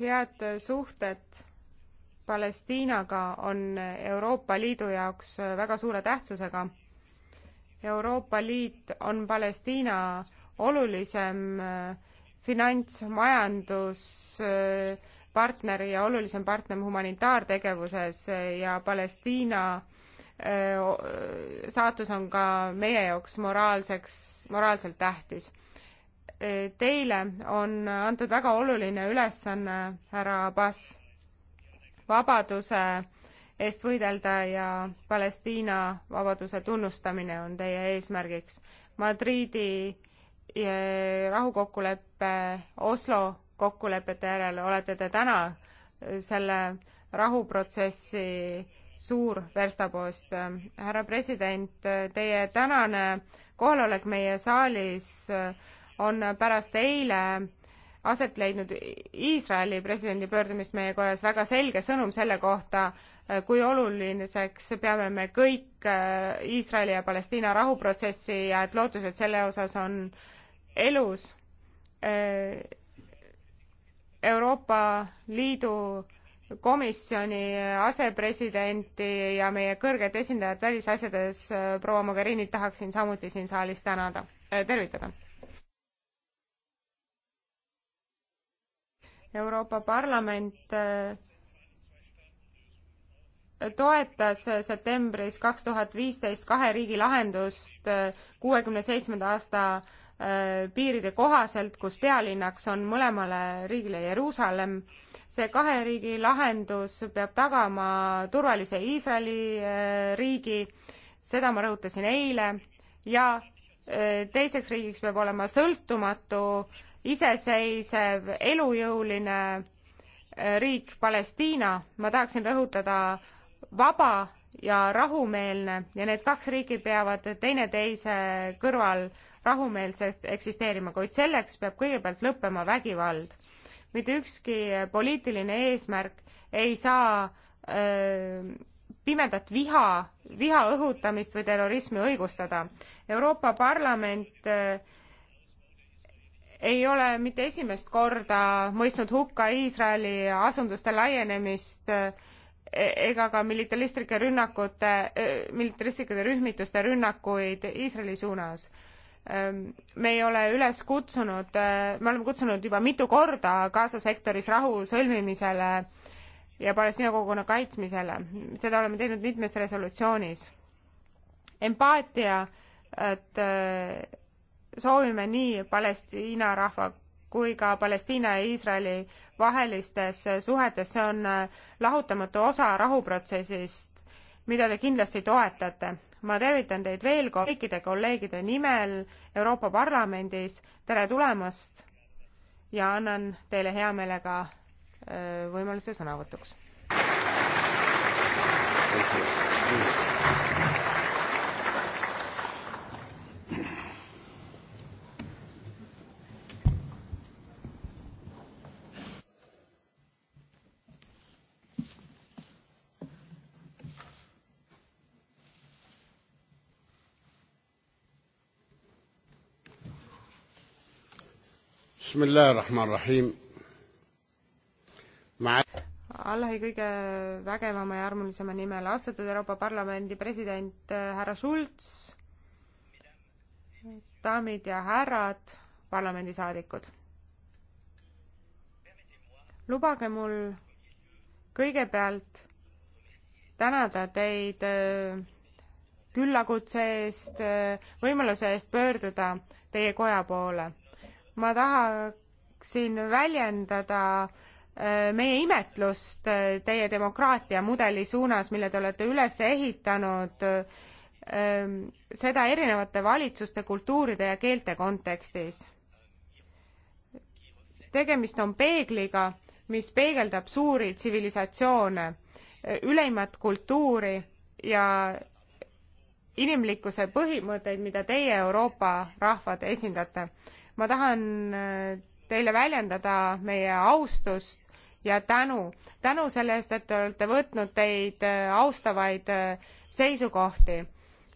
head suhted Palestiinaga on Euroopa Liidu jaoks väga suure tähtsusega. Euroopa Liit on Palestiina olulisem äh, finants, majanduspartner äh, ja olulisem partner humanitaartegevuses äh, ja Palestiina saatus on ka meie jaoks moraalseks, moraalselt tähtis teile on antud väga oluline ülesanne, härra Abbas, vabaduse eest võidelda ja Palestiina vabaduse tunnustamine on teie eesmärgiks. Madriidi eh, rahukokkuleppe, Oslo kokkulepete järel olete te täna selle rahuprotsessi suur verstapost. härra president, teie tänane kohalolek meie saalis äh, on pärast eile aset leidnud Iisraeli presidendi pöördumist meie kojas väga selge sõnum selle kohta, kui oluliseks peame me kõik äh, Iisraeli ja Palestiina rahuprotsessi ja et lootused selle osas on elus. Äh, Euroopa Liidu komisjoni asepresidenti ja meie kõrget esindajat välisasjades, äh, proua Mogherinit tahaksin samuti siin saalis tänada, tervitada Euroopa Parlament äh, toetas septembris kaks tuhat viisteist kahe riigi lahendust äh, kuuekümne seitsmenda aasta äh, piiride kohaselt, kus pealinnaks on mõlemale riigile Jeruusalemm. see kahe riigi lahendus peab tagama turvalise Iisraeli riigi, seda ma rõhutasin eile, ja teiseks riigiks peab olema sõltumatu äh, iseseisev, elujõuline äh, riik Palestiina, ma tahaksin rõhutada, vaba ja rahumeelne ja need kaks riiki peavad teineteise kõrval rahumeelselt eksisteerima, kuid selleks peab kõigepealt lõppema vägivald. mitte ükski poliitiline eesmärk ei saa öö, äh, pimedat viha, viha õhutamist või terrorismi õigustada. Euroopa Parlament öö, äh, ei ole mitte esimest korda mõistnud hukka Iisraeli asunduste laienemist e, ega ka militaristlike rünnakute, e, militaristlike rühmituste rünnakuid Iisraeli suunas. Ehm, me ei ole üles kutsunud, e, me oleme kutsunud juba mitu korda Gaza sektoris rahu sõlmimisele ja Palestiina kogukonna kaitsmisele. seda oleme teinud mitmes resolutsioonis. empaatia, et soovime nii Palestiina rahva kui ka Palestiina ja Iisraeli vahelistes suhetes, see on äh, lahutamatu osa rahuprotsessist, mida te kindlasti toetate. ma tervitan teid veel kord kõikide kolleegide nimel Euroopa Parlamendis, tere tulemast ja annan teile hea meelega äh, võimaluse sõnavõtuks. Thank you. Bismillahirrahmanirrahim. Allahi kõige vägevama ja armulisema nimel austatud Euroopa Parlamendi president äh, härra Schulz, daamid ja härrad, parlamendisaadikud. lubage mul kõigepealt tänada teid äh, küllakutse eest, äh, võimaluse eest pöörduda teie koja poole ma tahaksin väljendada äh, meie imetlust äh, teie demokraatiamudeli suunas, mille te olete üles ehitanud, ähm, seda erinevate valitsuste, kultuuride ja keelte kontekstis. tegemist on peegliga, mis peegeldab suuri tsivilisatsioone, ülimat kultuuri ja inimlikkuse põhimõtteid, mida teie Euroopa rahvad esindate ma tahan äh, teile väljendada meie austust ja tänu, tänu selle eest, et te olete võtnud teid äh, austavaid äh, seisukohti,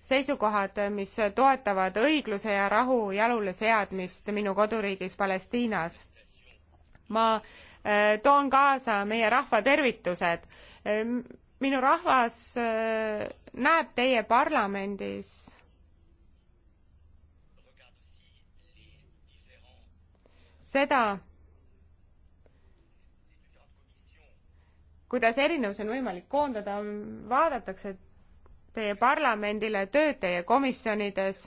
seisukohad, mis toetavad õigluse ja rahu jalule seadmist minu koduriigis Palestiinas. ma toon kaasa meie rahva tervitused. minu rahvas näeb teie parlamendis seda, kuidas erinevus on võimalik koondada, vaadatakse teie parlamendile tööd teie komisjonides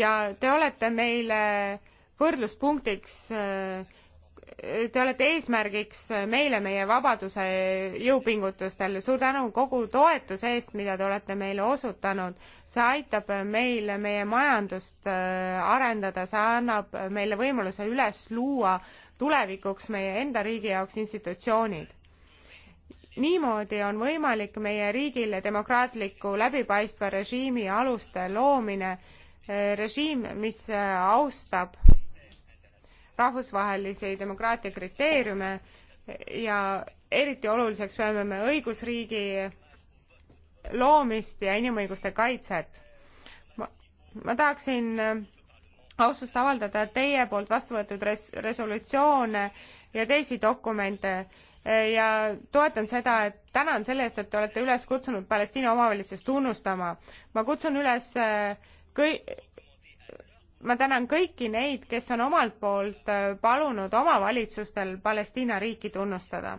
ja te olete meile võrdluspunktiks äh, te olete eesmärgiks meile meie vabaduse jõupingutustel. suur tänu kogu toetuse eest, mida te olete meile osutanud. see aitab meil meie majandust äh, arendada, see annab meile võimaluse üles luua tulevikuks meie enda riigi jaoks institutsioonid. niimoodi on võimalik meie riigile demokraatliku läbipaistva režiimi aluste loomine, äh, režiim, mis äh, austab rahvusvahelisi demokraatia kriteeriume ja eriti oluliseks peame me õigusriigi loomist ja inimõiguste kaitset. ma, ma tahaksin äh, austust avaldada teie poolt vastu võetud res-, resolutsioone ja teisi dokumente äh, ja toetan seda, et tänan selle eest, et te olete üles kutsunud Palestiina omavalitsust tunnustama. ma kutsun üles äh, kõi-, ma tänan kõiki neid, kes on omalt poolt äh, palunud omavalitsustel Palestiina riiki tunnustada.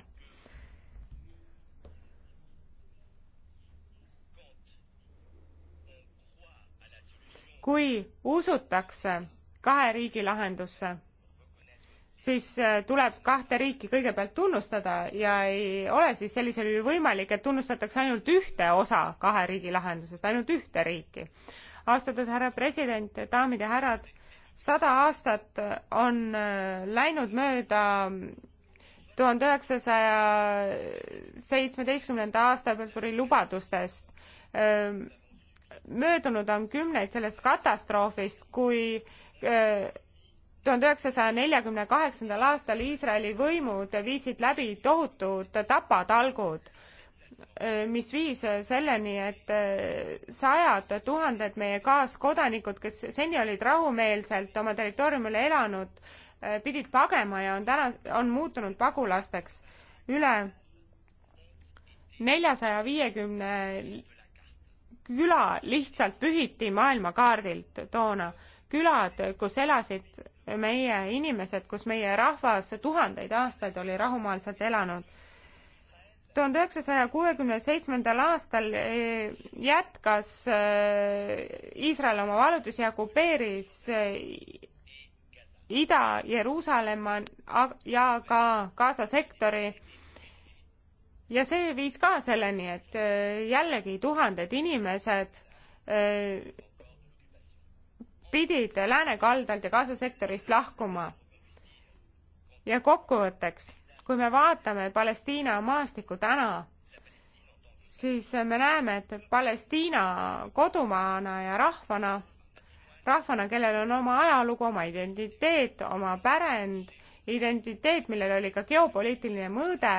kui usutakse kahe riigi lahendusse, siis äh, tuleb kahte riiki kõigepealt tunnustada ja ei ole siis sellisel juhul võimalik, et tunnustatakse ainult ühte osa kahe riigi lahendusest, ainult ühte riiki austatud härra president, daamid ja härrad, sada aastat on äh, läinud mööda tuhande üheksasaja seitsmeteistkümnenda aasta Peterburi lubadustest. Ähm, möödunud on kümneid sellest katastroofist, kui äh, tuhande üheksasaja neljakümne kaheksandal aastal Iisraeli võimud viisid läbi tohutud tapatalgud Äh, mis viis äh, selleni, et äh, sajad tuhanded meie kaaskodanikud, kes seni olid rahumeelselt oma territooriumil elanud, pidid pagema ja on täna, on muutunud pagulasteks üle neljasaja viiekümne küla lihtsalt pühiti maailmakaardilt toona. külad, kus elasid meie inimesed, kus meie rahvas tuhandeid aastaid oli rahumeelselt elanud tuhande üheksasaja kuuekümne seitsmendal aastal eh, jätkas eh, Iisrael oma vallutusi ja kupeeris eh, Ida-Jeruusalemma ah, ja ka Gaza sektori. ja see viis ka selleni, et jällegi tuhanded inimesed pidid lääne kaldalt ja Gaza sektorist lahkuma. ja kokkuvõtteks kui me vaatame Palestiina maastikku täna, siis me näeme, et Palestiina kodumaana ja rahvana, rahvana, kellel on oma ajalugu, oma identiteet, oma pärand, identiteet, millel oli ka geopoliitiline mõõde,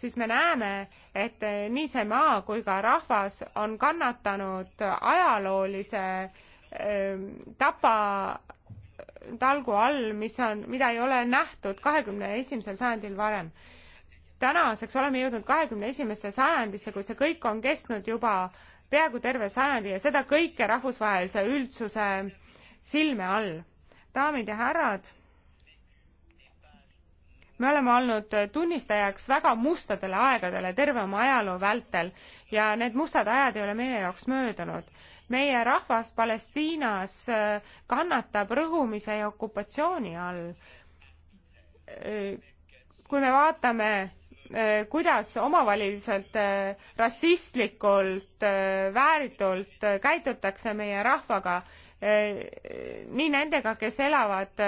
siis me näeme, et nii see maa kui ka rahvas on kannatanud ajaloolise tapa talgu all, mis on, mida ei ole nähtud kahekümne esimesel sajandil varem. tänaseks oleme jõudnud kahekümne esimesse sajandisse, kui see kõik on kestnud juba peaaegu terve sajandi ja seda kõike rahvusvahelise üldsuse silme all. daamid ja härrad me oleme olnud äh, tunnistajaks väga mustadele aegadele terve oma ajaloo vältel ja need mustad ajad ei ole meie jaoks möödunud. meie rahvas Palestiinas äh, kannatab rõhumise ja okupatsiooni all. Äh, kui me vaatame kuidas omavaliliselt rassistlikult vääritult käitutakse meie rahvaga nii nendega kes elavad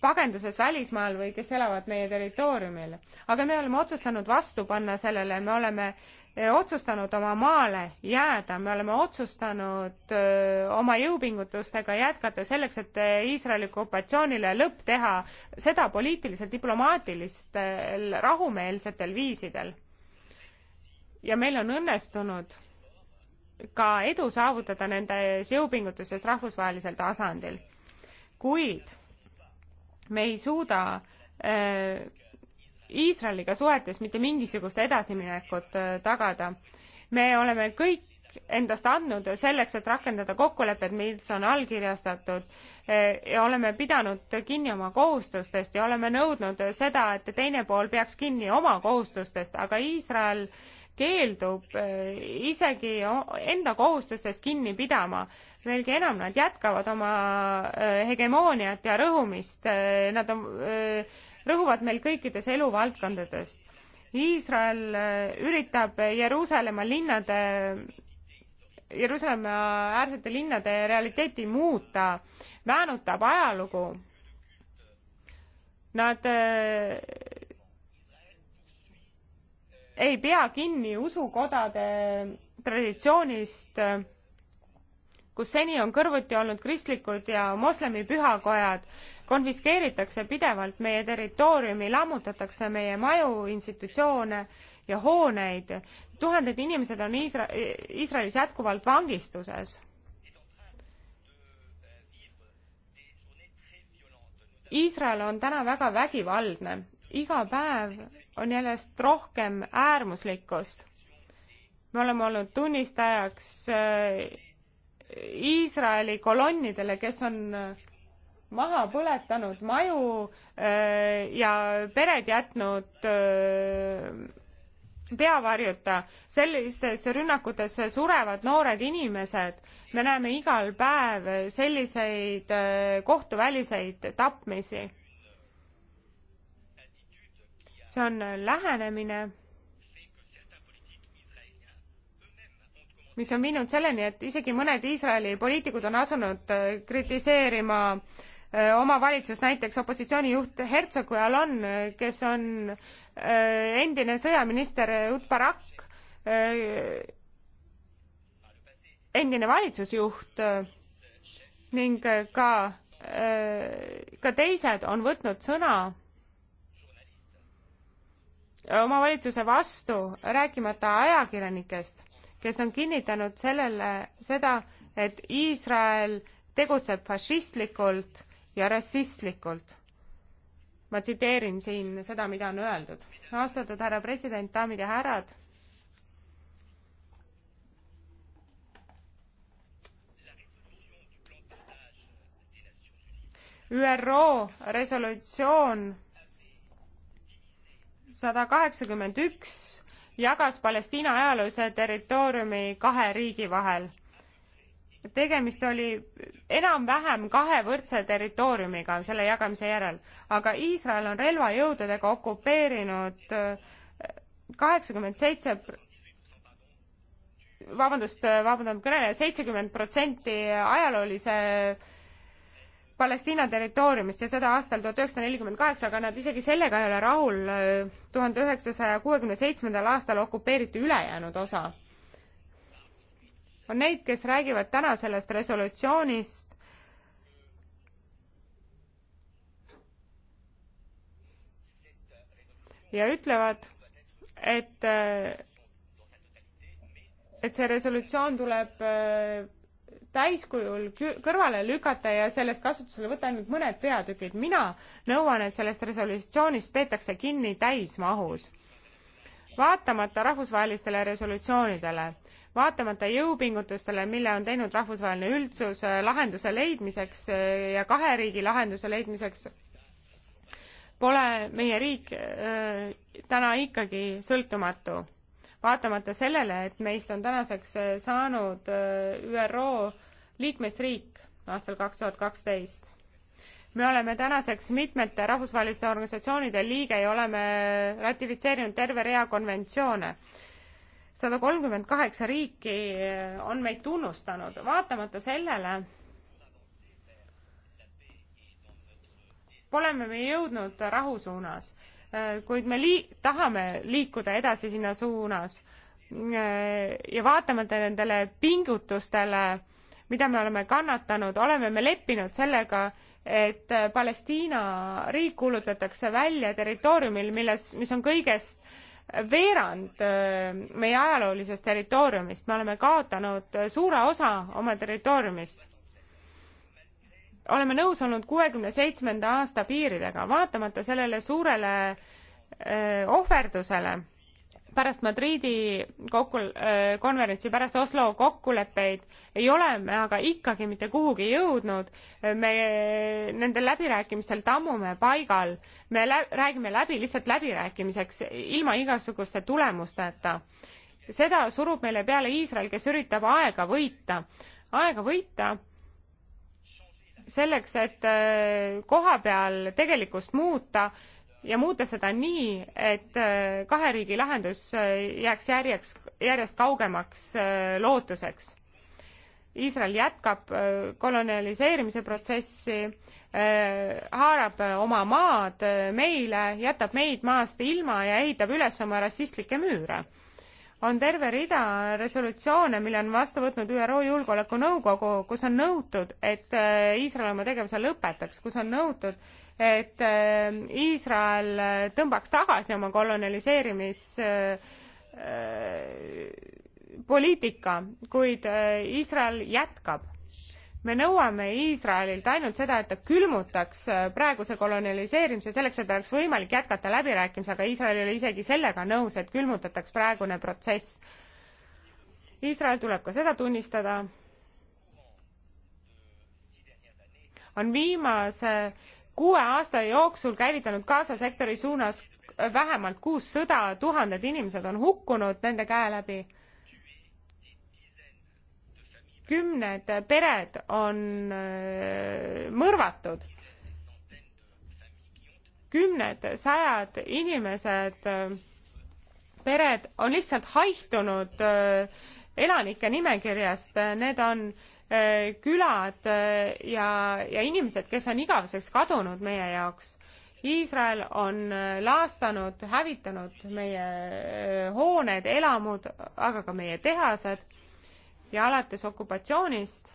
pagenduses välismaal või kes elavad meie territooriumil. aga me oleme otsustanud vastu panna sellele, me oleme eh, otsustanud oma maale jääda, me oleme otsustanud öö, eh, oma jõupingutustega jätkata selleks, et eh, Iisraeli okupatsioonile lõpp teha, seda poliitiliselt, diplomaatilistel, rahumeelsetel viisidel. ja meil on õnnestunud ka edu saavutada nendes jõupingutuses rahvusvahelisel tasandil. kuid me ei suuda äh, Iisraeliga suhetes mitte mingisugust edasiminekut äh, tagada. me oleme kõik endast andnud selleks, et rakendada kokkulepped, mis on allkirjastatud äh, ja oleme pidanud kinni oma kohustustest ja oleme nõudnud seda, et teine pool peaks kinni oma kohustustest, aga Iisrael keeldub isegi enda kohustustest kinni pidama veelgi enam, nad jätkavad oma äh, hegemooniat ja rõhumist, äh, nad on, äh, rõhuvad meil kõikides eluvaldkondades. Iisrael üritab Jeruusalemma linnade, Jeruusalemma äärsete linnade realiteeti muuta, väänutab ajalugu. Nad ei pea kinni usukodade traditsioonist äh, kus seni on kõrvuti olnud kristlikud ja moslemi pühakojad, konfiskeeritakse pidevalt meie territooriumi, lammutatakse meie maju, institutsioone ja hooneid. tuhanded inimesed on Iisra-, Iisraelis jätkuvalt vangistuses. Iisrael on täna väga vägivaldne, iga päev on järjest rohkem äärmuslikkust. me oleme olnud tunnistajaks äh, Iisraeli kolonnidele, kes on äh, maha põletanud maju äh, ja pered jätnud äh, peavarjuta. sellistes rünnakutes surevad noored inimesed. me näeme igal päev selliseid kohtuväliseid tapmisi. see on lähenemine mis on viinud selleni, et isegi mõned Iisraeli poliitikud on asunud äh, kritiseerima äh, oma valitsust, näiteks opositsioonijuht Herzog Alon, äh, kes on endine sõjaminister Ehud Barak, endine valitsusjuht ning ka, ka teised on võtnud sõna oma valitsuse vastu, rääkimata ajakirjanikest kes on kinnitanud sellele, seda, et Iisrael tegutseb fašistlikult ja rassistlikult. ma tsiteerin siin seda, mida on öeldud. austatud härra president, daamid ja härrad. ÜRO resolutsioon sada kaheksakümmend üks jagas Palestiina ajaloolise territooriumi kahe riigi vahel. tegemist oli enam-vähem kahe võrdse territooriumiga selle jagamise järel, aga Iisrael on relvajõududega okupeerinud äh, kaheksakümmend seitse vabandust, äh, vabandan, kõneleja, seitsekümmend protsenti ajaloolise Palestiina territooriumist ja seda aastal tuhat üheksasada nelikümmend kaheksa, aga nad isegi sellega ei ole rahul. tuhande üheksasaja kuuekümne seitsmendal aastal okupeeriti ülejäänud osa. on neid, kes räägivad täna sellest resolutsioonist ja ütlevad, et, äh, et see resolutsioon tuleb äh, täiskujul kõrvale lükata ja sellest kasutusele võtta ainult mõned peatükid. mina nõuan, et sellest resolutsioonist peetakse kinni täismahus. vaatamata rahvusvahelistele resolutsioonidele, vaatamata jõupingutustele, mille on teinud rahvusvaheline üldsus äh, lahenduse leidmiseks äh, ja kahe riigi lahenduse leidmiseks, pole meie riik öö, äh, täna ikkagi sõltumatu vaatamata sellele, et meist on tänaseks äh, saanud äh, ÜRO liikmesriik aastal kaks tuhat kaksteist. me oleme tänaseks mitmete rahvusvaheliste organisatsioonide liige ja oleme ratifitseerinud terve rea konventsioone sada kolmkümmend kaheksa riiki äh, on meid tunnustanud, vaatamata sellele pole me jõudnud rahu suunas Äh, kuid me lii-, tahame liikuda edasi sinna suunas. Äh, ja vaatamata nendele pingutustele, mida me oleme kannatanud, oleme me leppinud sellega, et äh, Palestiina riik kuulutatakse välja territooriumil, milles, mis on kõigest veerand meie ajaloolisest territooriumist, me oleme kaotanud suure osa oma territooriumist oleme nõus olnud kuuekümne seitsmenda aasta piiridega, vaatamata sellele suurele öö, ohverdusele pärast Madridi kokku, konverentsi, pärast Oslo kokkuleppeid ei ole me aga ikkagi mitte kuhugi jõudnud. me nendel läbirääkimistel tammume paigal, me lä räägime läbi lihtsalt läbirääkimiseks ilma igasuguste tulemusteta. seda surub meile peale Iisrael, kes üritab aega võita, aega võita selleks, et äh, koha peal tegelikkust muuta ja muuta seda nii, et äh, kahe riigi lahendus äh, jääks järjeks, järjest kaugemaks lootuseks. Iisrael jätkab kolonialiseerimise protsessi, haarab oma maad meile, jätab meid maast ilma ja ehitab üles oma rassistlikke müüre on terve rida resolutsioone, mille on vastu võtnud ÜRO Julgeolekunõukogu, kus on nõutud, et äh, Iisrael oma tegevuse lõpetaks, kus on nõutud, et äh, Iisrael äh, tõmbaks tagasi oma koloniseerimispoliitika, kuid Iisrael jätkab me nõuame Iisraelilt ainult seda, et ta külmutaks äh, praeguse kolonialiseerimise selleks, et oleks võimalik jätkata läbirääkimisi, aga Iisrael ei ole isegi sellega nõus, et külmutataks praegune protsess. Iisrael tuleb ka seda tunnistada. on viimase kuue aasta jooksul käivitanud Gaza sektori suunas vähemalt kuus sõda, tuhanded inimesed on hukkunud nende käe läbi kümned pered on äh, mõrvatud. kümned, sajad inimesed, äh, pered on lihtsalt haihtunud äh, elanike nimekirjast, need on külad ja, ja inimesed, kes on igaveseks kadunud meie jaoks. Iisrael on laastanud, hävitanud meie hooned, elamud, aga ka meie tehased ja alates okupatsioonist,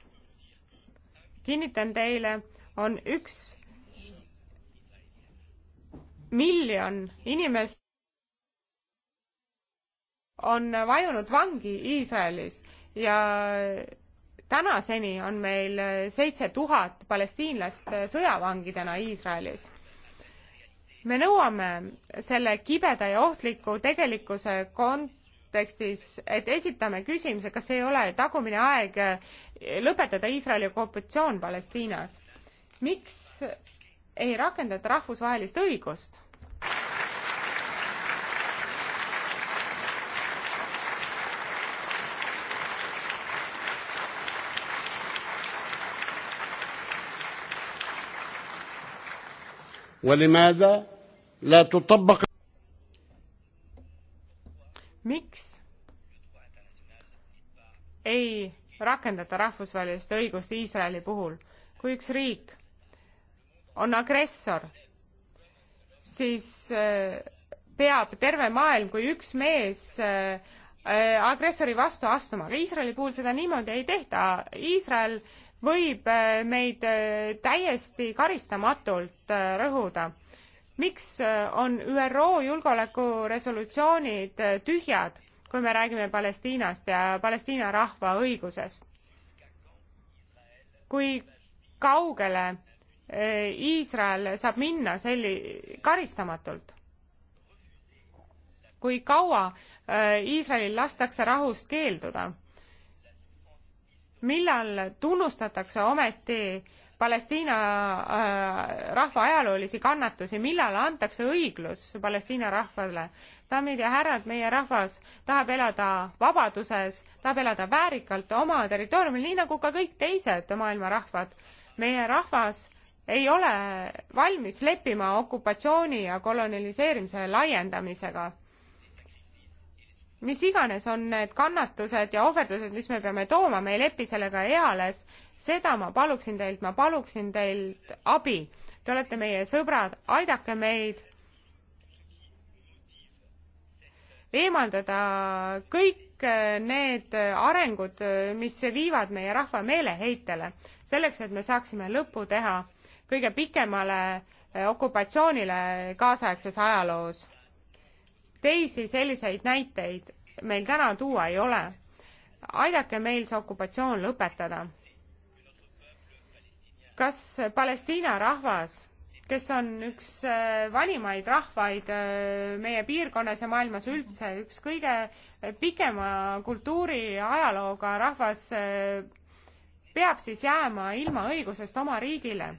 kinnitan teile, on üks miljon inimest on vajunud vangi Iisraelis ja tänaseni on meil seitse tuhat palestiinlast sõjavangidena Iisraelis. me nõuame selle kibeda ja ohtliku tegelikkuse kont-, kontekstis, et esitame küsimuse, kas ei ole tagumine aeg eh, lõpetada Iisraeli okupatsioon Palestiinas. miks ei rakendata rahvusvahelist õigust? ولماذا لا تطبق miks ei rakendata rahvusvahelist õigust Iisraeli puhul, kui üks riik on agressor, siis äh, peab terve maailm kui üks mees äh, äh, agressori vastu astuma, aga Iisraeli puhul seda niimoodi ei tehta. Iisrael võib meid täiesti karistamatult rõhuda miks äh, on ÜRO julgeolekuresolutsioonid äh, tühjad, kui me räägime Palestiinast ja Palestiina rahva õigusest? kui kaugele äh, Iisrael saab minna selli-, karistamatult? kui kaua Iisraelil lastakse rahust keelduda? millal tunnustatakse ometi Palestiina äh, rahva ajaloolisi kannatusi, millal antakse õiglus Palestiina rahvale? daamid ja härrad, meie rahvas tahab elada vabaduses, tahab elada väärikalt oma territooriumil, nii nagu ka kõik teised maailma rahvad. meie rahvas ei ole valmis leppima okupatsiooni ja koloniseerimise laiendamisega mis iganes on need kannatused ja ohverdused, mis me peame tooma, me ei lepi sellega eales, seda ma paluksin teilt, ma paluksin teilt abi. Te olete meie sõbrad, aidake meid eemaldada kõik need arengud, mis viivad meie rahva meeleheitele, selleks et me saaksime lõpu teha kõige pikemale okupatsioonile kaasaegses ajaloos teisi selliseid näiteid meil täna tuua ei ole. aidake meil see okupatsioon lõpetada. kas Palestiina rahvas, kes on üks äh, vanimaid rahvaid äh, meie piirkonnas ja maailmas üldse, üks kõige äh, pikema kultuuriajalooga rahvas, peab siis jääma ilma õigusest oma riigile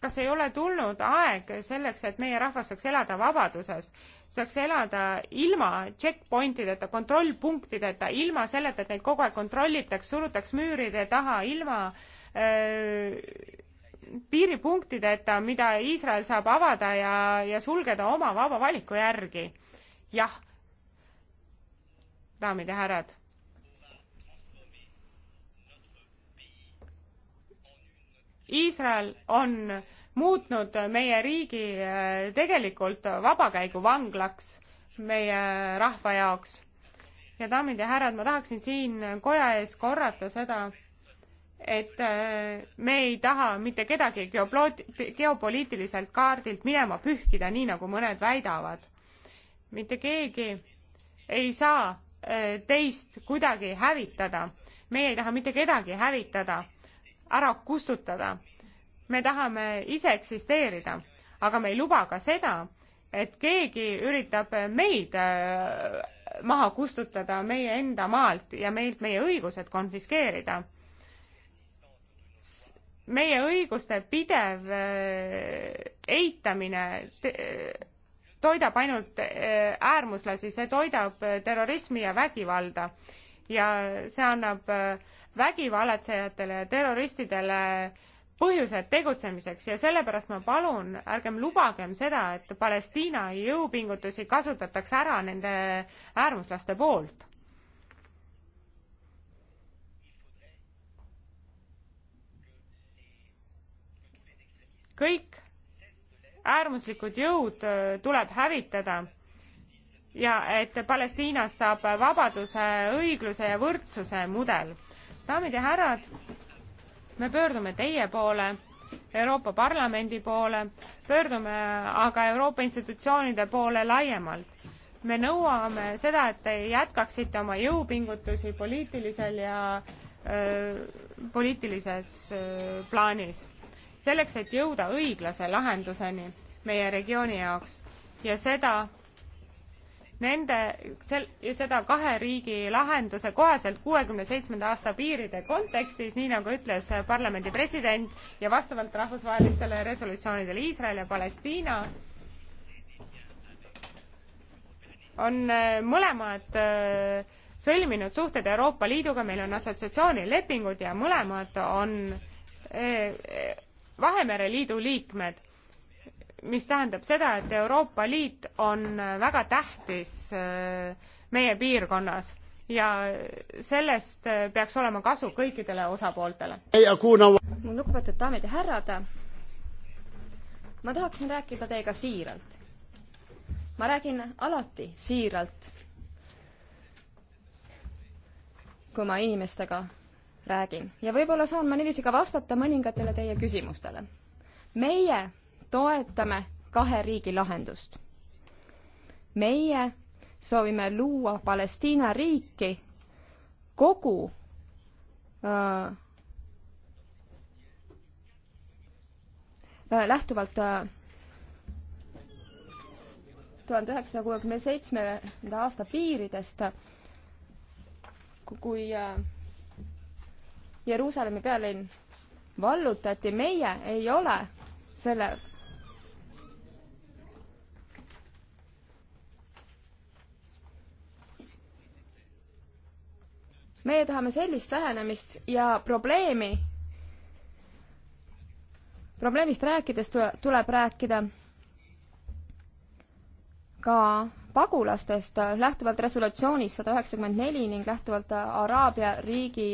kas ei ole tulnud aeg selleks, et meie rahvas saaks elada vabaduses, saaks elada ilma checkpointideta, kontrollpunktideta, ilma selleta, et neid kogu aeg kontrollitaks, surutaks müüride taha, ilma öö, piiripunktideta, mida Iisrael saab avada ja, ja sulgeda oma vaba valiku järgi. jah, daamid ja härrad Iisrael on muutnud meie riigi äh, tegelikult vabakäiguvanglaks meie rahva jaoks. ja daamid ja härrad, ma tahaksin siin koja ees korrata seda, et äh, me ei taha mitte kedagi geoploot-, geopoliitiliselt kaardilt minema pühkida, nii nagu mõned väidavad. mitte keegi ei saa äh, teist kuidagi hävitada. meie ei taha mitte kedagi hävitada ära kustutada. me tahame ise eksisteerida, aga me ei luba ka seda, et keegi üritab meid äh, maha kustutada meie enda maalt ja meilt meie õigused konfiskeerida. meie õiguste pidev äh, eitamine toidab ainult äh, äärmuslasi, see toidab terrorismi ja vägivalda ja see annab äh, vägivalatsejatele ja terroristidele põhjused tegutsemiseks ja sellepärast ma palun, ärgem lubagem seda, et Palestiina jõupingutusi kasutatakse ära nende äärmuslaste poolt. kõik äärmuslikud jõud äh, tuleb hävitada ja et Palestiinas saab vabaduse, õigluse ja võrdsuse mudel daamid ja härrad, me pöördume teie poole, Euroopa Parlamendi poole, pöördume aga Euroopa institutsioonide poole laiemalt. me nõuame seda, et te jätkaksite oma jõupingutusi poliitilisel ja öö, poliitilises öö, plaanis. selleks, et jõuda õiglase lahenduseni meie regiooni jaoks ja seda nende sel- seda kahe riigi lahenduse kohaselt kuuekümne seitsmenda aasta piiride kontekstis nii nagu ütles parlamendi president ja vastavalt rahvusvahelistele resolutsioonidele Iisrael ja Palestiina on äh, mõlemad äh, sõlminud suhted Euroopa Liiduga, meil on assotsiatsioonilepingud ja mõlemad on äh, Vahemere Liidu liikmed mis tähendab seda, et Euroopa Liit on väga tähtis äh, meie piirkonnas ja sellest äh, peaks olema kasu kõikidele osapooltele. mu lugupeetud daamid ja härrad, ma tahaksin rääkida teiega siiralt. ma räägin alati siiralt, kui ma inimestega räägin ja võib-olla saan ma niiviisi ka vastata mõningatele teie küsimustele. meie toetame kahe riigi lahendust. meie soovime luua Palestiina riiki kogu äh, lähtuvalt tuhande üheksasaja kuuekümne seitsmenda aasta piiridest, kui Jeruusalemmi pealinn vallutati, meie ei ole selle meie tahame sellist lähenemist ja probleemi, probleemist rääkides tuleb rääkida ka pagulastest lähtuvalt resolutsioonist sada üheksakümmend neli ning lähtuvalt Araabia riigi,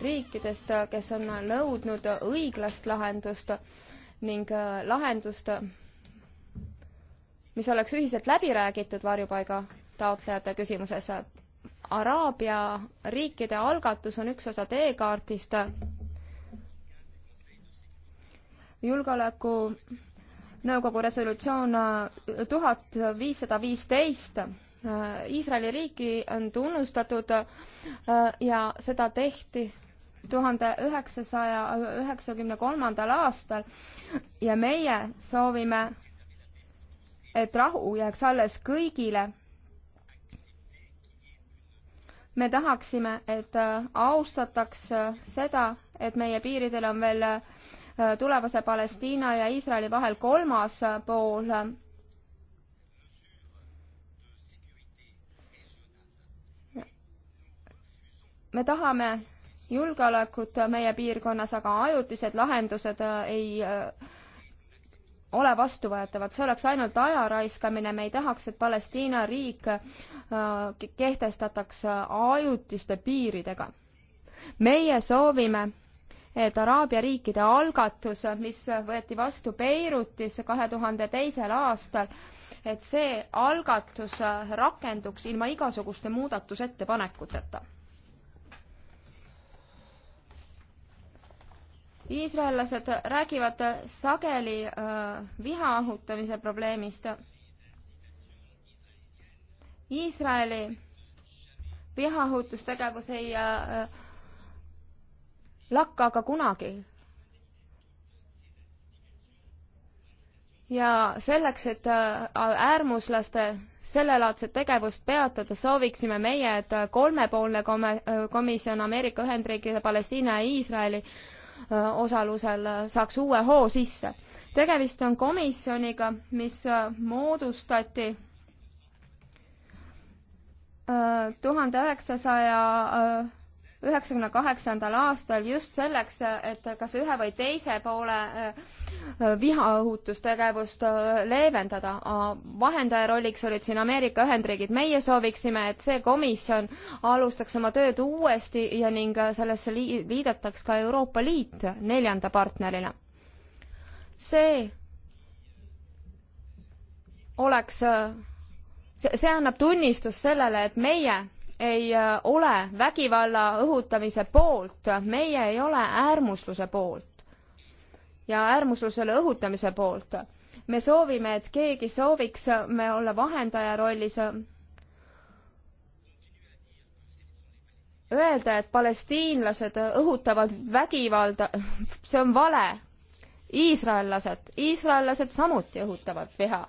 riikidest, kes on nõudnud õiglast lahendust ning lahendust, mis oleks ühiselt läbi räägitud varjupaiga taotlejate küsimuses Araabia riikide algatus on üks osa teekaardist julgeoleku nõukogu resolutsioon äh, tuhat viissada viisteist. Äh, Iisraeli riiki on tunnustatud äh, ja seda tehti tuhande üheksasaja üheksakümne kolmandal aastal ja meie soovime, et rahu jääks alles kõigile me tahaksime, et äh, austataks äh, seda, et meie piiridel on veel äh, tulevase Palestiina ja Iisraeli vahel kolmas pool. me tahame julgeolekut meie piirkonnas, aga ajutised lahendused ei ole vastuvõetavad, see oleks ainult aja raiskamine, me ei tahaks, et Palestiina riik äh, kehtestataks äh, ajutiste piiridega. meie soovime, et Araabia riikide algatus, mis võeti vastu Beirutis kahe tuhande teisel aastal, et see algatus rakenduks ilma igasuguste muudatusettepanekuteta iisraellased räägivad sageli äh, viha õhutamise probleemist. Iisraeli vihaõhutustegevus ei äh, lakka aga kunagi ja selleks, et äh, äärmuslaste sellelaadset tegevust peatada, sooviksime meie, et kolmepoolne kom-, komisjon Ameerika Ühendriikide, Palestiina ja Iisraeli osalusel saaks uue hoo sisse. tegemist on komisjoniga, mis äh, moodustati äh, tuhande üheksasaja äh, üheksakümne kaheksandal aastal just selleks, et kas ühe või teise poole äh, äh, vihaõhutustegevust äh, leevendada. vahendaja rolliks olid siin Ameerika Ühendriigid. meie sooviksime, et see komisjon alustaks oma tööd uuesti ja ning sellesse liidetaks ka Euroopa Liit neljanda partnerina. see oleks see, see annab tunnistust sellele, et meie ei äh, ole vägivalla õhutamise poolt, meie ei ole äärmusluse poolt ja äärmuslusele õhutamise poolt. me soovime, et keegi sooviks me olla vahendaja rollis. Öelda, et palestiinlased õhutavad vägivalda, see on vale. iisraellased, iisraellased samuti õhutavad viha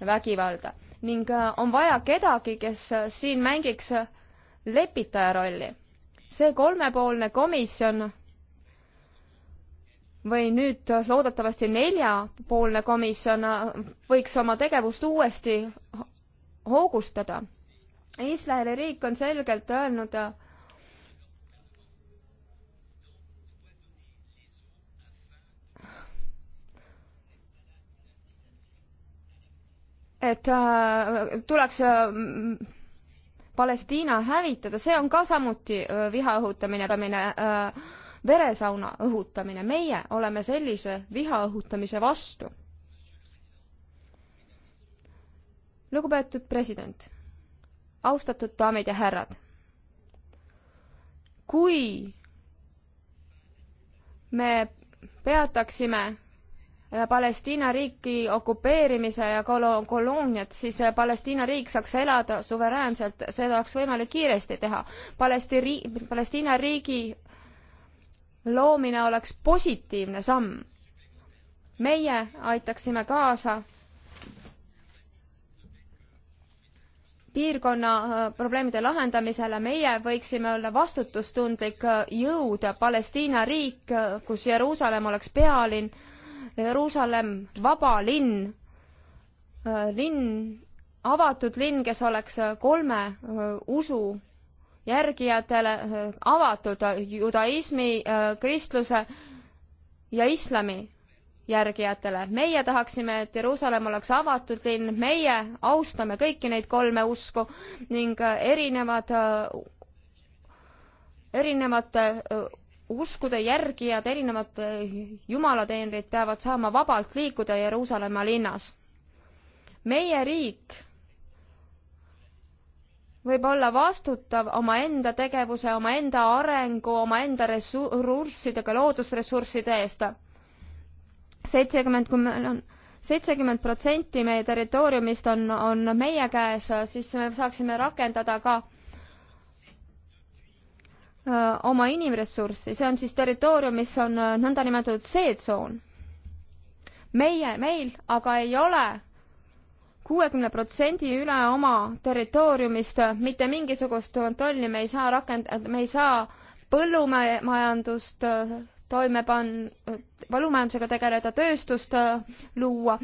ja vägivalda ning äh, on vaja kedagi, kes äh, siin mängiks lepitaja rolli. see kolmepoolne komisjon või nüüd loodetavasti neljapoolne komisjon võiks oma tegevust uuesti hoogustada. Iisraeli riik on selgelt öelnud, et äh, tuleks äh, Palestiina hävitada, see on ka samuti viha õhutamine, veresauna õhutamine, meie oleme sellise viha õhutamise vastu. lugupeetud president, austatud daamid ja härrad, kui me peataksime Äh, Palestiina riiki okupeerimise ja kolo-, kolooniat, siis äh, Palestiina riik saaks elada suveräänselt, seda oleks võimalik kiiresti teha. Palesti ri-, Palestiina riigi loomine oleks positiivne samm. meie aitaksime kaasa piirkonna äh, probleemide lahendamisele, meie võiksime olla vastutustundlik jõud, Palestiina riik, kus Jeruusalemm oleks pealinn Jeruusalemm, vaba linn, äh, linn, avatud linn, kes oleks äh, kolme äh, usu järgijatele avatud judaismi, kristluse ja islami järgijatele. meie tahaksime, et Jeruusalemm oleks avatud linn, meie austame kõiki neid kolme usku ning erinevad, erinevate uskude järgijad, erinevad eh, jumalateenrid peavad saama vabalt liikuda Jeruusalemma linnas. meie riik võib olla vastutav omaenda tegevuse, omaenda arengu, omaenda ressurssidega, loodusressursside eest. seitsekümmend, kui meil on seitsekümmend protsenti meie territooriumist on, on meie käes, siis me saaksime rakendada ka äh, Äh, oma inimressurssi, see on siis territoorium, mis on äh, nõndanimetatud C-tsoon. meie, meil aga ei ole kuuekümne protsendi üle oma territooriumist äh, mitte mingisugust kontrolli, me ei saa rakend-, me ei saa põllumajandust toime pan-, põllumajandusega tegeleda, tööstust luua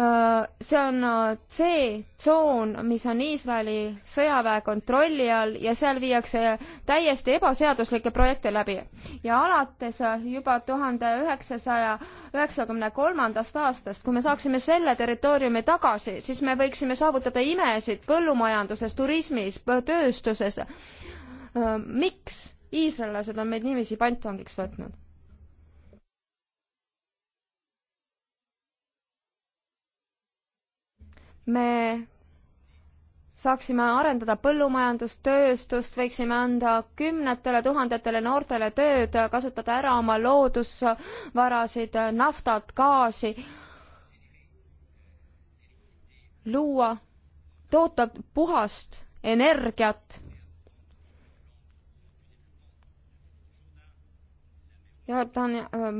Äh, see on äh, see tsoon, mis on Iisraeli sõjaväe kontrolli all ja seal viiakse täiesti ebaseaduslikke projekte läbi. ja alates äh, juba tuhande üheksasaja üheksakümne kolmandast aastast, kui me saaksime selle territooriumi tagasi, siis me võiksime saavutada imesid põllumajanduses, turismis, tööstuses. miks iisraellased on meid niiviisi pantvangiks võtnud? me saaksime arendada põllumajandust, tööstust, võiksime anda kümnetele tuhandetele noortele tööd, kasutada ära oma loodusvarasid, naftat, gaasi, luua, toota puhast energiat. Jordania äh,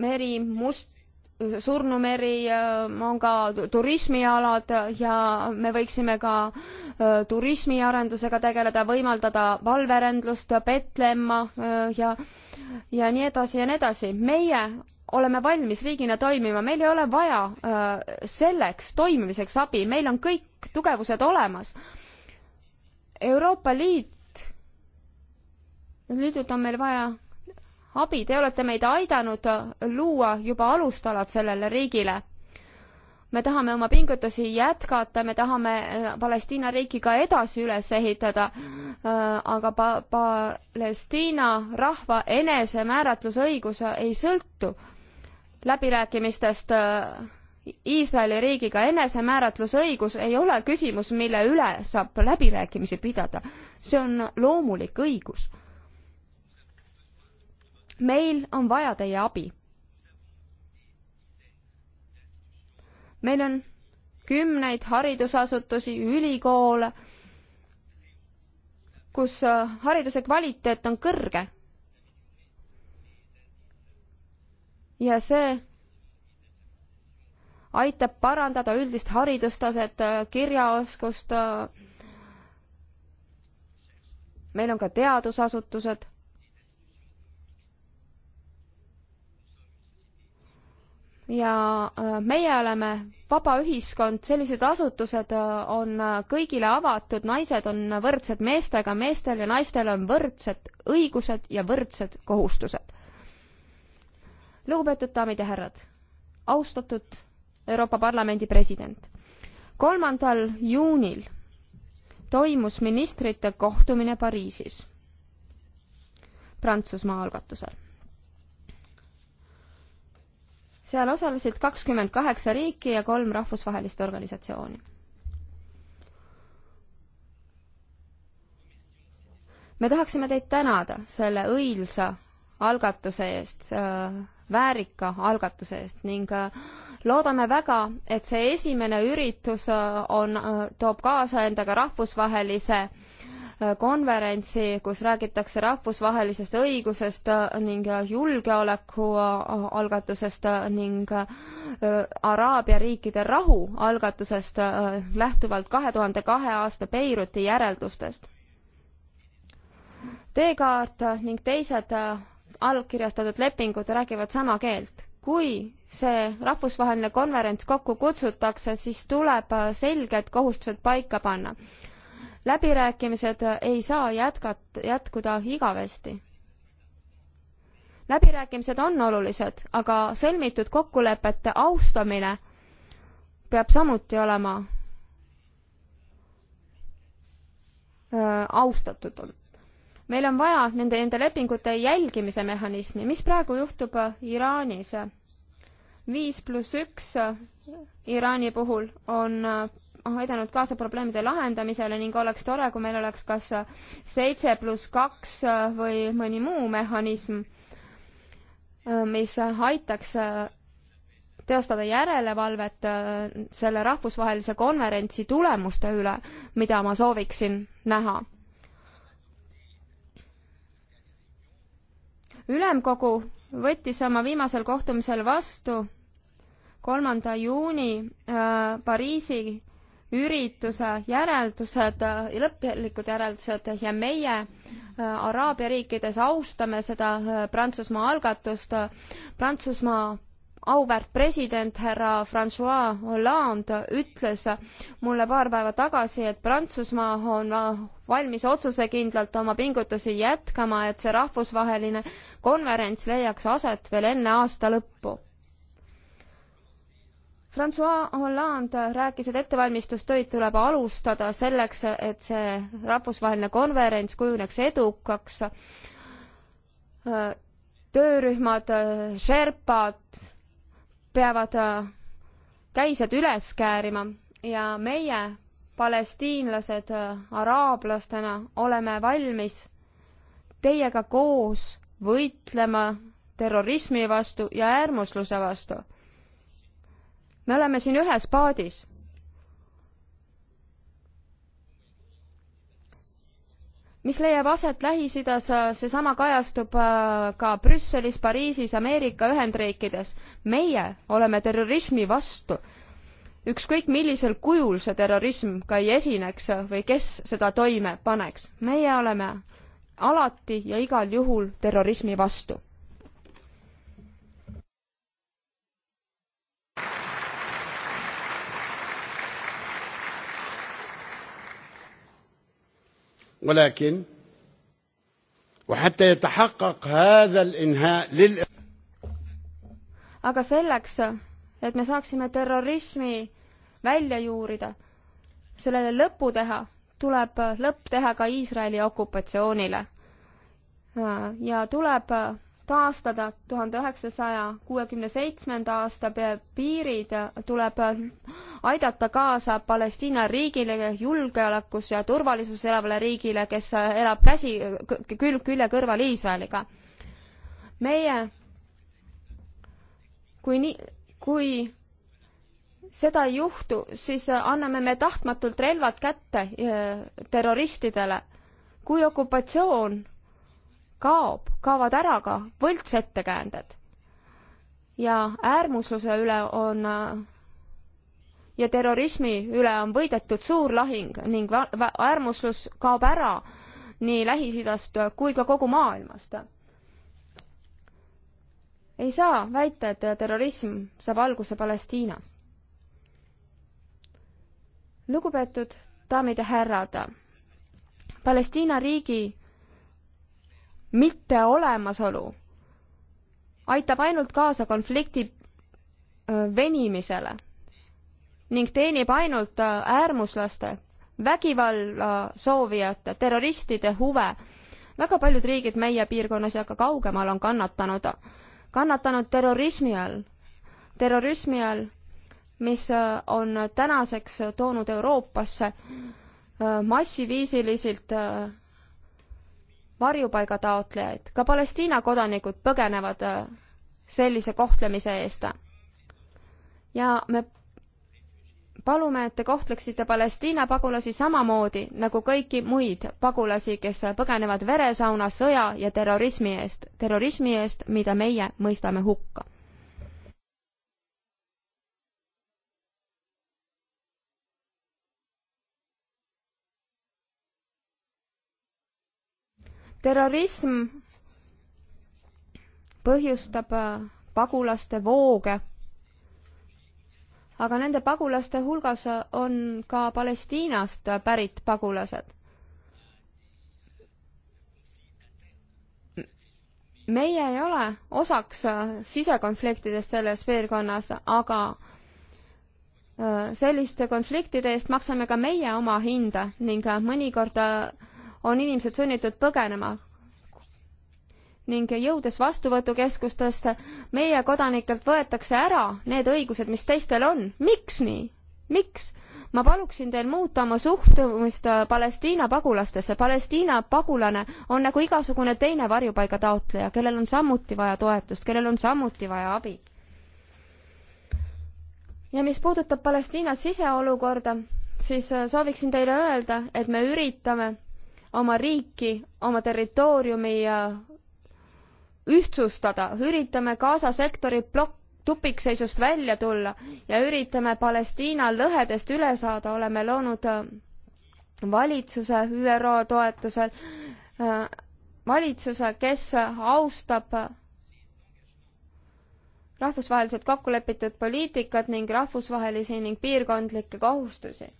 meri, must surnumeri, äh, on ka turismialad ja me võiksime ka äh, turismiarendusega tegeleda, võimaldada valverändlust, Petlemma äh, ja, ja nii edasi ja nii edasi. meie oleme valmis riigina toimima, meil ei ole vaja selleks toimimiseks abi, meil on kõik tugevused olemas. Euroopa Liit, liidult on meil vaja abi, te olete meid aidanud luua juba alustalad sellele riigile. me tahame oma pingutusi jätkata, me tahame äh, Palestiina riiki ka edasi üles ehitada, äh, aga pa-, Palestiina rahva enesemääratlusõigus ei sõltu läbirääkimistest äh, Iisraeli riigiga enesemääratlusõigus ei ole küsimus, mille üle saab läbirääkimisi pidada. see on loomulik õigus meil on vaja teie abi. meil on kümneid haridusasutusi, ülikoole, kus äh, hariduse kvaliteet on kõrge. ja see aitab parandada üldist haridustaset, äh, kirjaoskust. Äh. meil on ka teadusasutused ja äh, meie oleme vaba ühiskond, sellised asutused äh, on äh, kõigile avatud, naised on võrdsed meestega, meestel ja naistel on võrdsed õigused ja võrdsed kohustused. lugupeetud daamid ja härrad, austatud Euroopa Parlamendi president, kolmandal juunil toimus ministrite kohtumine Pariisis Prantsusmaa algatusel seal osalesid kakskümmend kaheksa riiki ja kolm rahvusvahelist organisatsiooni. me tahaksime teid tänada selle õilsa algatuse eest, äh, väärika algatuse eest ning äh, loodame väga, et see esimene üritus äh, on, toob kaasa endaga rahvusvahelise äh, Äh, konverentsi, kus räägitakse rahvusvahelisest õigusest äh, ning äh, julgeoleku algatusest ning Araabia riikide rahu algatusest lähtuvalt kahe tuhande kahe aasta Beiruti järeldustest. teekaart ning teised allkirjastatud lepingud räägivad sama keelt. kui see rahvusvaheline konverents kokku kutsutakse, siis tuleb selged kohustused paika panna läbirääkimised ei saa jätkat-, jätkuda igavesti. läbirääkimised on olulised, aga sõlmitud kokkulepete austamine peab samuti olema austatud on. meil on vaja nende, nende lepingute jälgimise mehhanismi, mis praegu juhtub Iraanis. viis pluss üks Iraani puhul on aidanud kaasa probleemide lahendamisele ning oleks tore, kui meil oleks kas seitse pluss kaks või mõni muu mehhanism, mis aitaks teostada järelevalvet äh, selle rahvusvahelise konverentsi tulemuste üle, mida ma sooviksin näha. ülemkogu võttis oma viimasel kohtumisel vastu kolmanda juuni äh, Pariisi ürituse järeldused ja lõplikud järeldused ja meie äh, Araabia riikides austame seda äh, Prantsusmaa algatust. Prantsusmaa auväärt president härra Francois Hollande ütles mulle paar päeva tagasi, et Prantsusmaa on äh, valmis otsusekindlalt oma pingutusi jätkama, et see rahvusvaheline konverents leiaks aset veel enne aasta lõppu. Francois Hollande rääkis, et ettevalmistustöid tuleb alustada selleks, et see rahvusvaheline konverents kujuneks edukaks. töörühmad, šerpad peavad käised üles käärima ja meie, palestiinlased araablastena, oleme valmis teiega koos võitlema terrorismi vastu ja äärmusluse vastu me oleme siin ühes paadis. mis leiab aset Lähis-Idas, seesama kajastub äh, ka Brüsselis, Pariisis, Ameerika Ühendriikides. meie oleme terrorismi vastu ükskõik millisel kujul see terrorism ka ei esineks või kes seda toime paneks, meie oleme alati ja igal juhul terrorismi vastu. ولكن وحتى يتحقق هذا الإنهاء لل aga selleks, et me saaksime terrorismi välja juurida, sellele lõpu teha, tuleb lõpp teha ka Iisraeli okupatsioonile. ja tuleb taastada tuhande üheksasaja kuuekümne seitsmenda aasta piirid, tuleb aidata kaasa Palestiina riigile, julgeolekus ja turvalisuses elavale riigile, kes elab käsi, külg külje kõrval Iisraeliga. meie, kui nii, kui seda ei juhtu, siis anname me tahtmatult relvad kätte eh, terroristidele. kui okupatsioon kaob, kaovad ära ka võltsettekäänded. ja äärmusluse üle on ja terrorismi üle on võidetud suur lahing ning äärmuslus kaob ära nii Lähis-Idast kui ka kogu maailmast. ei saa väita, et terrorism saab alguse Palestiinas. lugupeetud daamid ja härrad, Palestiina riigi mitteolemasolu aitab ainult kaasa konflikti venimisele ning teenib ainult äärmuslaste, vägivalla soovijate, terroristide huve. väga paljud riigid meie piirkonnas ja ka kaugemal on kannatanud, kannatanud terrorismi all, terrorismi all, mis on tänaseks toonud Euroopasse massiviisiliselt varjupaigataotlejaid, ka Palestiina kodanikud põgenevad äh, sellise kohtlemise eest. ja me palume, et te kohtleksite Palestiina pagulasi samamoodi nagu kõiki muid pagulasi, kes põgenevad veresauna, sõja ja terrorismi eest, terrorismi eest, mida meie mõistame hukka terrorism põhjustab äh, pagulaste vooge. aga nende pagulaste hulgas äh, on ka Palestiinast äh, pärit pagulased. meie ei ole osaks sisekonfliktidest selles piirkonnas, aga selliste konfliktide eest maksame ka meie oma hinda ning mõnikord on inimesed sunnitud põgenema. ning jõudes vastuvõtukeskustesse, meie kodanikelt võetakse ära need õigused, mis teistel on. miks nii? miks? ma paluksin teil muuta oma suhtumist äh, Palestiina pagulastesse. Palestiina pagulane on nagu igasugune teine varjupaiga taotleja, kellel on samuti vaja toetust, kellel on samuti vaja abi. ja mis puudutab Palestiina siseolukorda, siis äh, sooviksin teile öelda, et me üritame oma riiki, oma territooriumi ühtsustada, üritame Gaza sektori plokk tupikseisust välja tulla ja üritame Palestiina lõhedest üle saada, oleme loonud äh, valitsuse ÜRO toetusel, äh, valitsuse, kes austab äh, rahvusvaheliselt kokku lepitud poliitikat ning rahvusvahelisi ning piirkondlikke kohustusi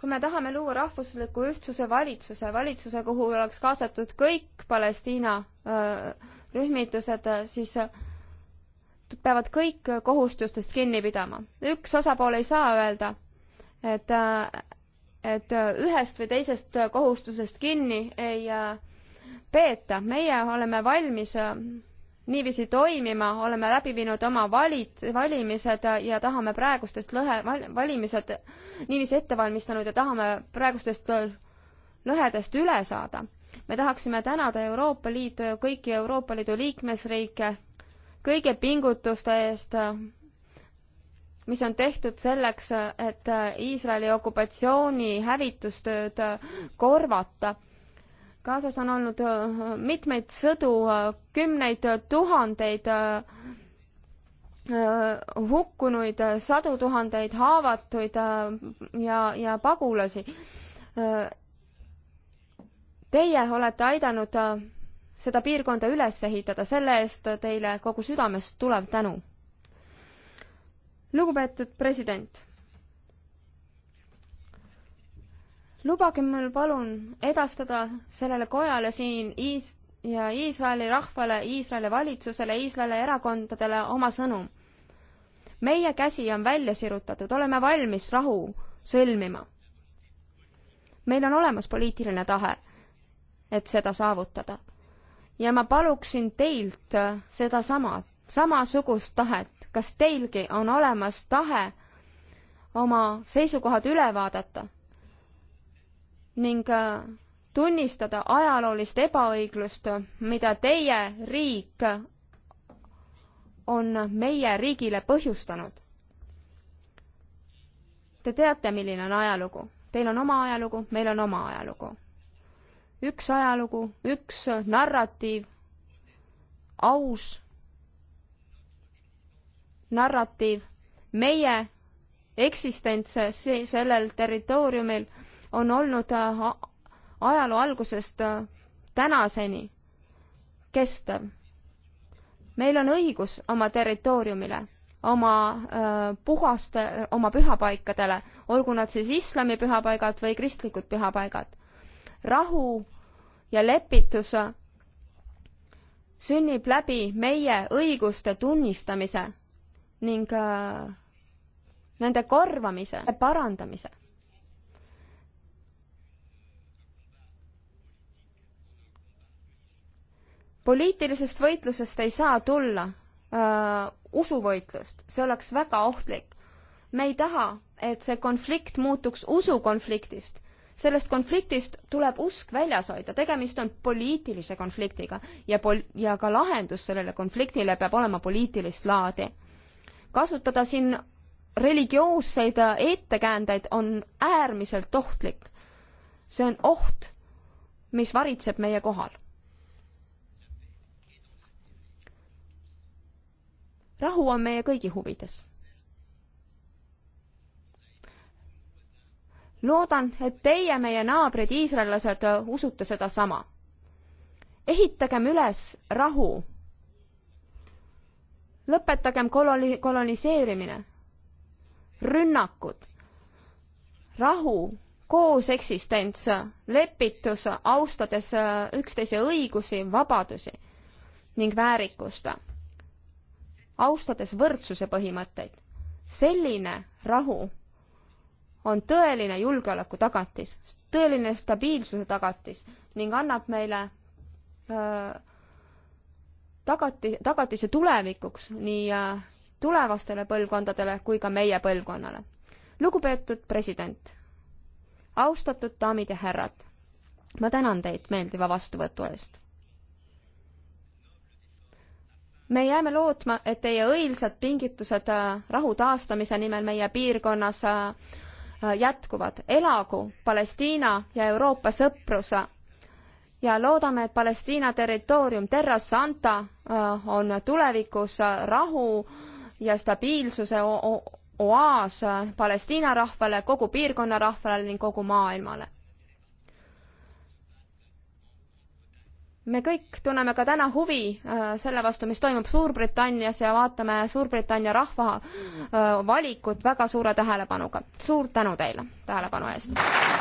kui me tahame luua rahvusliku ühtsuse valitsuse, valitsuse, kuhu oleks kaasatud kõik Palestiina öö, äh, rühmitused, siis äh, peavad kõik kohustustest kinni pidama. üks osapool ei saa öelda, et, äh, et ühest või teisest kohustusest kinni ei peeta. meie oleme valmis niiviisi toimima, oleme läbi viinud oma valid, valimised ja tahame praegustest lõhe, valimised niiviisi ette valmistanud ja tahame praegustest lõhedest üle saada. me tahaksime tänada Euroopa Liitu ja kõiki Euroopa Liidu liikmesriike kõigi pingutuste eest, mis on tehtud selleks, et Iisraeli okupatsiooni hävitustööd korvata Gazas on olnud äh, mitmeid sõdu, äh, kümneid äh, tuhandeid hukkunuid, sadu tuhandeid haavatuid ja, ja pagulasi. Teie olete aidanud seda piirkonda üles ehitada, selle eest teile kogu südamest tulev tänu. lugupeetud president lubage mul palun edastada sellele kojale siin Iis- ja Iisraeli rahvale, Iisraeli valitsusele, Iisraeli erakondadele oma sõnum. meie käsi on välja sirutatud, oleme valmis rahu sõlmima. meil on olemas poliitiline tahe, et seda saavutada. ja ma paluksin teilt sedasama, samasugust tahet, kas teilgi on olemas tahe oma seisukohad üle vaadata ning äh, tunnistada ajaloolist ebaõiglust, mida teie riik on meie riigile põhjustanud. Te teate, milline on ajalugu. Teil on oma ajalugu, meil on oma ajalugu. üks ajalugu, üks narratiiv, aus narratiiv, meie eksistents sellel territooriumil on olnud äh, ajaloo algusest äh, tänaseni kestev. meil on õigus oma territooriumile, oma öö, äh, puhaste, oma pühapaikadele, olgu nad siis islami pühapaigad või kristlikud pühapaigad. rahu ja lepitus sünnib läbi meie õiguste tunnistamise ning öö, nende korvamise, parandamise. poliitilisest võitlusest ei saa tulla öö, äh, usuvõitlust, see oleks väga ohtlik. me ei taha, et see konflikt muutuks usukonfliktist. sellest konfliktist tuleb usk väljas hoida, tegemist on poliitilise konfliktiga ja pol-, ja ka lahendus sellele konfliktile peab olema poliitilist laadi. kasutada siin religioosseid ettekäändeid on äärmiselt ohtlik. see on oht, mis varitseb meie kohal rahu on meie kõigi huvides. loodan, et teie, meie naabrid, iisraellased, usute sedasama. ehitagem üles rahu. lõpetagem koloni-, koloniseerimine, rünnakud, rahu kooseksistents, lepitus, austades üksteise õigusi, vabadusi ning väärikust austades võrdsuse põhimõtteid. selline rahu on tõeline julgeoleku tagatis, tõeline stabiilsuse tagatis ning annab meile öö, tagati, tagatise tulevikuks nii öö, tulevastele põlvkondadele kui ka meie põlvkonnale. lugupeetud president, austatud daamid ja härrad, ma tänan teid meeldiva vastuvõtu eest me jääme lootma, et teie õilsad tingitused äh, rahu taastamise nimel meie piirkonnas äh, äh, jätkuvad. elagu Palestiina ja Euroopa sõprus ja loodame, et Palestiina territoorium Terra Santa on tulevikus rahu ja stabiilsuse oaas Palestiina rahvale, kogu piirkonna rahvale ning kogu maailmale me kõik tunneme ka täna huvi äh, selle vastu, mis toimub Suurbritannias ja vaatame Suurbritannia rahva äh, valikut väga suure tähelepanuga. suur tänu teile tähelepanu eest!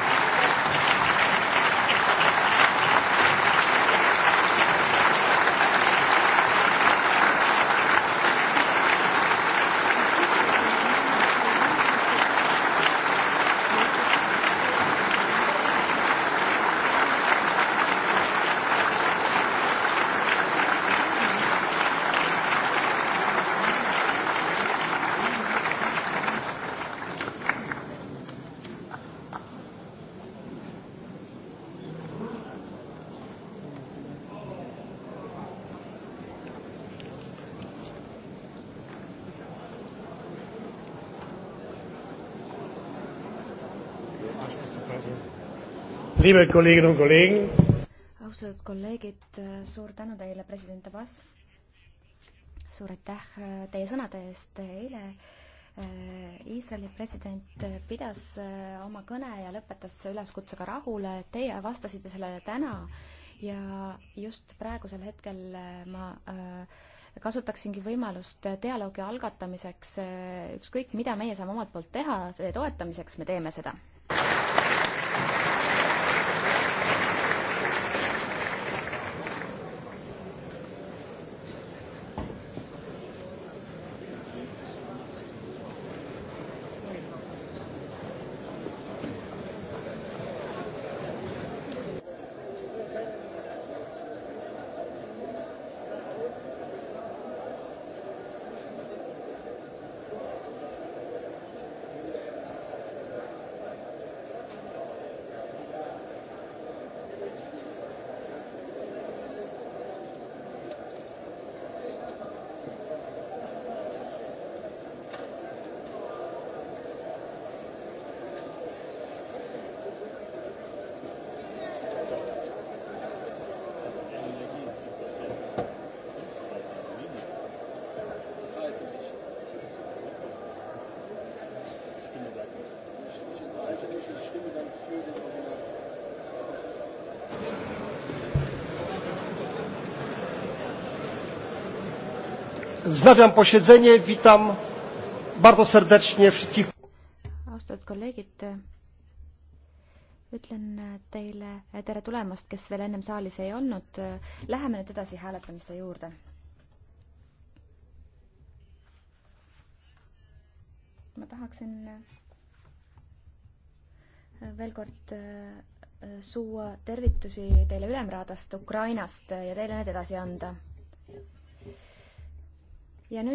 liebe Kolleginnen und Kollegen. austatud kolleegid, suur tänu teile, president Abbas. suur aitäh äh, teie sõnade eest eile. Äh, Iisraeli president pidas äh, oma kõne ja lõpetas üleskutsega rahule, teie vastasite sellele täna ja just praegusel hetkel ma äh, kasutaksingi võimalust dialoogi algatamiseks, ükskõik mida meie saame omalt poolt teha, selle toetamiseks me teeme seda Wznawiam posiedzenie. Witam bardzo serdecznie wszystkich. Austatud kolleegid, ütlen teile tere tulemast, kes veel ennem saalis ei olnud. Läheme nüüd edasi hääletamise juurde. ma tahaksin veel kord äh, suua tervitusi teile Ülemraadast Ukrainast ja teile need edasi anda ja nüüd